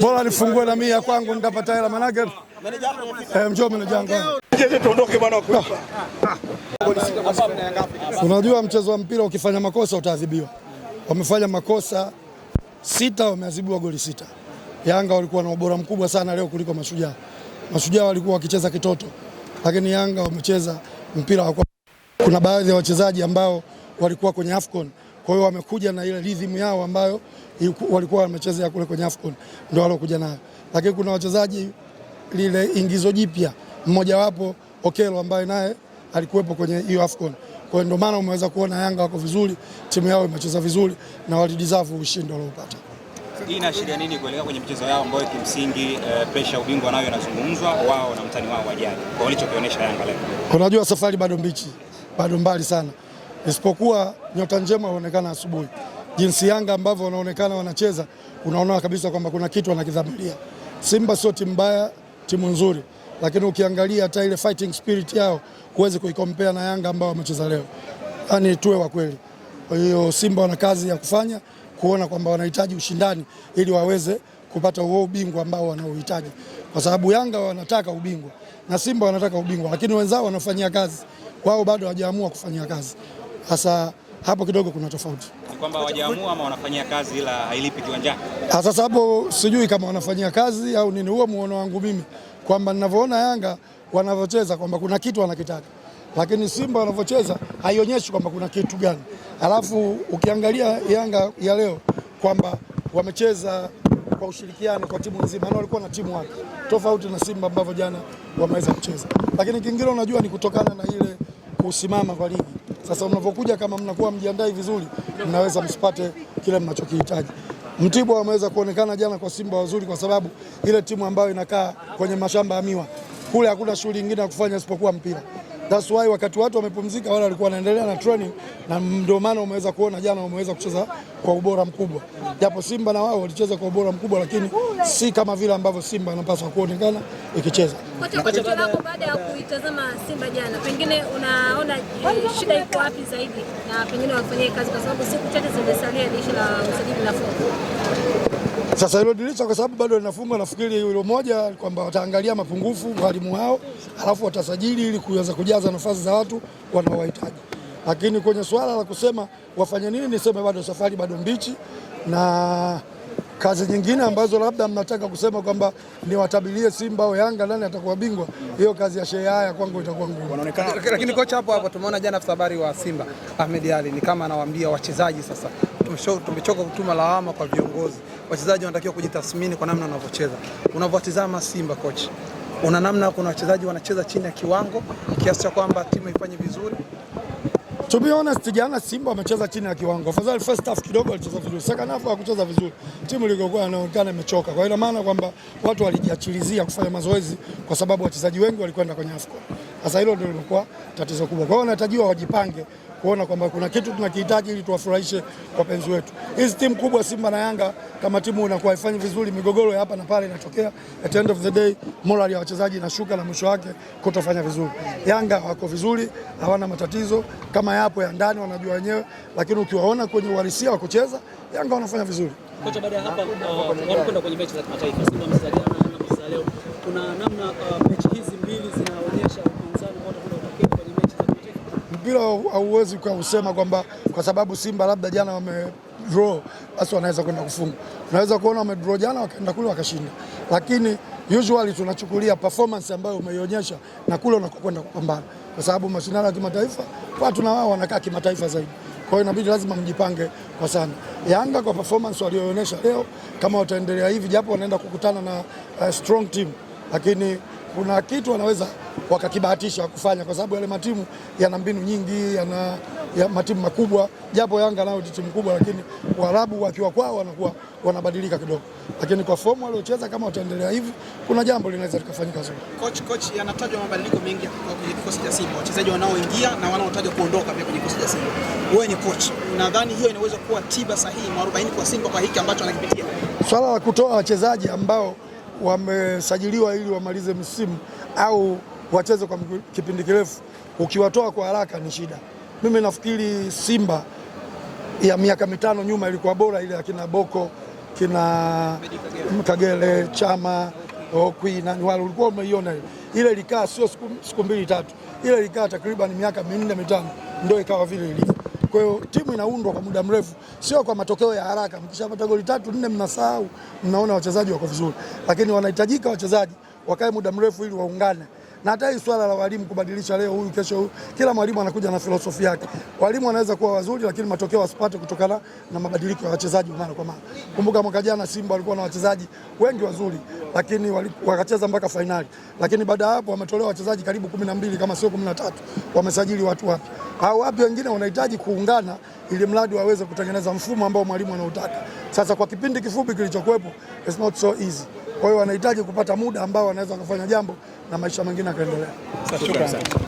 bora nifungue na mimi ya kwangu nitapata hela manake eh, mjoo menejangu Unajua, mchezo wa mpira ukifanya makosa utaadhibiwa. Wamefanya makosa sita, wameadhibiwa goli sita. Yanga walikuwa na ubora mkubwa sana leo kuliko Mashujaa. Mashujaa walikuwa wakicheza kitoto, lakini Yanga wamecheza mpira. Kuna baadhi ya wachezaji ambao walikuwa kwenye Afcon kwa hiyo wamekuja na ile rhythm yao ambayo walikuwa wamechezea kule kwenye AFCON, ndio kuja nayo, lakini kuna wachezaji lile ingizo jipya, mmojawapo Okelo ambaye naye alikuwepo kwenye hiyo AFCON. Kwa hiyo ndio maana umeweza kuona Yanga wako vizuri, timu yao imecheza vizuri na walidizavu ushindi waliopata. Hii inaashiria nini kuelekea kwenye mchezo yao ambayo kimsingi eh, presha ubingwa nayo inazungumzwa wao na mtani wao wajali, kwa walichokionyesha Yanga leo? Unajua safari bado mbichi, bado mbali sana isipokuwa nyota njema huonekana asubuhi. Jinsi Yanga ambavyo wanaonekana wanacheza, unaona kabisa kwamba kuna kitu wanakidhamiria. Simba sio timu mbaya, timu nzuri, lakini ukiangalia hata ile fighting spirit yao huwezi kuikompea na Yanga ambao wamecheza leo, Yani tuwe wa kweli. Kwa hiyo Simba wana kazi ya kufanya kuona kwamba wanahitaji ushindani ili waweze kupata huo ubingwa ambao wanaohitaji, kwa sababu Yanga wanataka ubingwa na Simba wanataka ubingwa, lakini wenzao wanafanyia kazi, wao bado hawajaamua kufanyia kazi. Sasa hapo kidogo kuna tofauti kwamba wajaamua ama wanafanyia kazi ila hailipi kiwanjani. Ah, sasa hapo sijui kama wanafanyia kazi au nini, huo muono wangu mimi kwamba ninavyoona Yanga wanavyocheza kwamba kuna kitu wanakitaka, lakini Simba wanavyocheza haionyeshi kwamba kuna kitu gani. Alafu ukiangalia Yanga ya leo kwamba wamecheza kwa ushirikiano kwa timu nzima na walikuwa na timu wake tofauti na Simba ambavyo jana wameweza kucheza, lakini kingine unajua ni kutokana na ile kusimama kwa ligi sasa unavyokuja kama mnakuwa mjiandai vizuri, mnaweza msipate kile mnachokihitaji. Mtibwa ameweza kuonekana jana kwa Simba wazuri, kwa sababu ile timu ambayo inakaa kwenye mashamba ya miwa kule hakuna shughuli nyingine ya kufanya isipokuwa mpira. That's why wakati watu wamepumzika, wale walikuwa wanaendelea na training, na ndio maana umeweza kuona jana wameweza kucheza kwa ubora mkubwa, japo Simba na wao walicheza kwa ubora mkubwa, lakini si kama vile ambavyo Simba anapaswa kuonekana ikicheza. Kocha baada ya kuitazama Simba jana, pengine unaona eh, shida iko wapi zaidi, na pengine wafanyie kazi, kwa sababu siku chache zimesalia dirisha la usajili la sasa hilo dirisha kwa sababu bado linafungwa, nafikiri hilo moja kwamba wataangalia mapungufu walimu hao, alafu watasajili ili kuweza kujaza nafasi za watu wanaowahitaji. Lakini kwenye swala la kusema wafanye nini, niseme bado safari bado mbichi, na kazi nyingine ambazo labda mnataka kusema kwamba niwatabilie Simba au Yanga nani atakuwa bingwa, hiyo kazi ya shehe haya kwangu itakuwa ngumu. lakini kocha hapo hapo tumeona jana afisa habari wa Simba Ahmed Ally ni kama anawaambia wachezaji sasa tumechoka kutuma lawama kwa viongozi. Wachezaji wanatakiwa kujitathmini kwa namna wanavyocheza. Unavyotizama Simba coach, una namna, kuna wachezaji wanacheza chini ya kiwango kiasi cha kwamba timu ifanye vizuri. To be honest, jana Simba wamecheza chini ya kiwango. Afadhali first half kidogo walicheza vizuri. Second half hawakucheza vizuri. Timu ilikokuwa inaonekana imechoka. Kwa hiyo maana kwamba watu walijiachilizia kufanya mazoezi kwa sababu wachezaji wengi walikwenda kwenye AFCON. Sasa hilo ndio lilikuwa tatizo kubwa. Kwa hiyo wanatajiwa wajipange kuona kwamba kuna kitu tunakihitaji ili tuwafurahishe wapenzi wetu. Hizi timu kubwa Simba na Yanga kama timu inakuwa haifanyi vizuri, migogoro ya hapa na pale inatokea. At the end of the day, morali ya wachezaji inashuka na mwisho wake kutofanya vizuri. Yanga wako vizuri, hawana matatizo kama yapo ya ndani, wanajua wenyewe, lakini ukiwaona kwenye uhalisia wa kucheza, Yanga wanafanya vizuri. Kocha, baada ya hapa uh, wanakwenda kwenye mechi za kimataifa, Simba msajana na leo, kuna namna uh, mechi hizi mbili zina mpira hauwezi kusema kwamba kwa sababu Simba labda jana wame draw basi wanaweza kwenda kufunga. Unaweza kuona wame draw jana wakaenda kule wakashinda, lakini usually tunachukulia performance ambayo umeionyesha na kule unakokwenda kupambana, kwa sababu mashindano ya kimataifa watu na wao wanakaa kimataifa zaidi. Kwa hiyo inabidi lazima mjipange kwa sana. Yanga kwa performance walioonyesha leo, kama wataendelea hivi, japo wanaenda kukutana na uh, strong team lakini kuna kitu wanaweza wakakibahatisha kufanya, kwa sababu yale matimu yana mbinu nyingi, yana ya matimu makubwa, japo Yanga nayo ni timu kubwa, lakini Waarabu wakiwa kwao wanakuwa wanabadilika kidogo, lakini kwa fomu waliocheza, kama wataendelea hivi, kuna jambo linaweza likafanyika zuri. Coach coach, yanatajwa mabadiliko mengi kwenye kikosi cha Simba, wachezaji wanaoingia na wanaotajwa kuondoka pia kwenye kikosi cha Simba. Wewe ni coach, nadhani hiyo inaweza kuwa tiba sahihi mwarobaini kwa Simba kwa hiki ambacho anakipitia, swala la kutoa wachezaji ambao wamesajiliwa ili wamalize msimu au wacheze kwa kipindi kirefu, ukiwatoa kwa haraka ni shida. Mimi nafikiri Simba ya miaka mitano nyuma ilikuwa bora ile akina Boko kina Kagere, Chama, Okwi na wale ulikuwa umeiona ile ile ilikaa sio siku mbili tatu, ile ilikaa takriban miaka minne mitano, ndio ikawa vile ilivyo. Kwa hiyo timu inaundwa kwa muda mrefu, sio kwa matokeo ya haraka. Mkishapata goli tatu nne, mnasahau, mnaona wachezaji wako vizuri, lakini wanahitajika wachezaji wakae muda mrefu ili waungane na hata hii swala la walimu kubadilisha leo huyu kesho huyu, kila mwalimu anakuja na filosofi yake. Walimu wanaweza kuwa wazuri, lakini matokeo wasipate kutokana na mabadiliko ya wachezaji mara kwa mara. Kumbuka mwaka jana Simba walikuwa na wachezaji wengi wazuri, lakini wakacheza mpaka fainali, lakini baada ya hapo wametolewa wachezaji karibu kumi na mbili kama sio kumi na tatu. Wamesajili watu wapi au wapi? Wengine wanahitaji kuungana ili mradi waweze kutengeneza mfumo ambao mwalimu anautaka. Sasa kwa kipindi kifupi kilichokuwepo, it's not so easy. Kwa hiyo wanahitaji kupata muda ambao wanaweza kufanya jambo na maisha mengine akaendelea.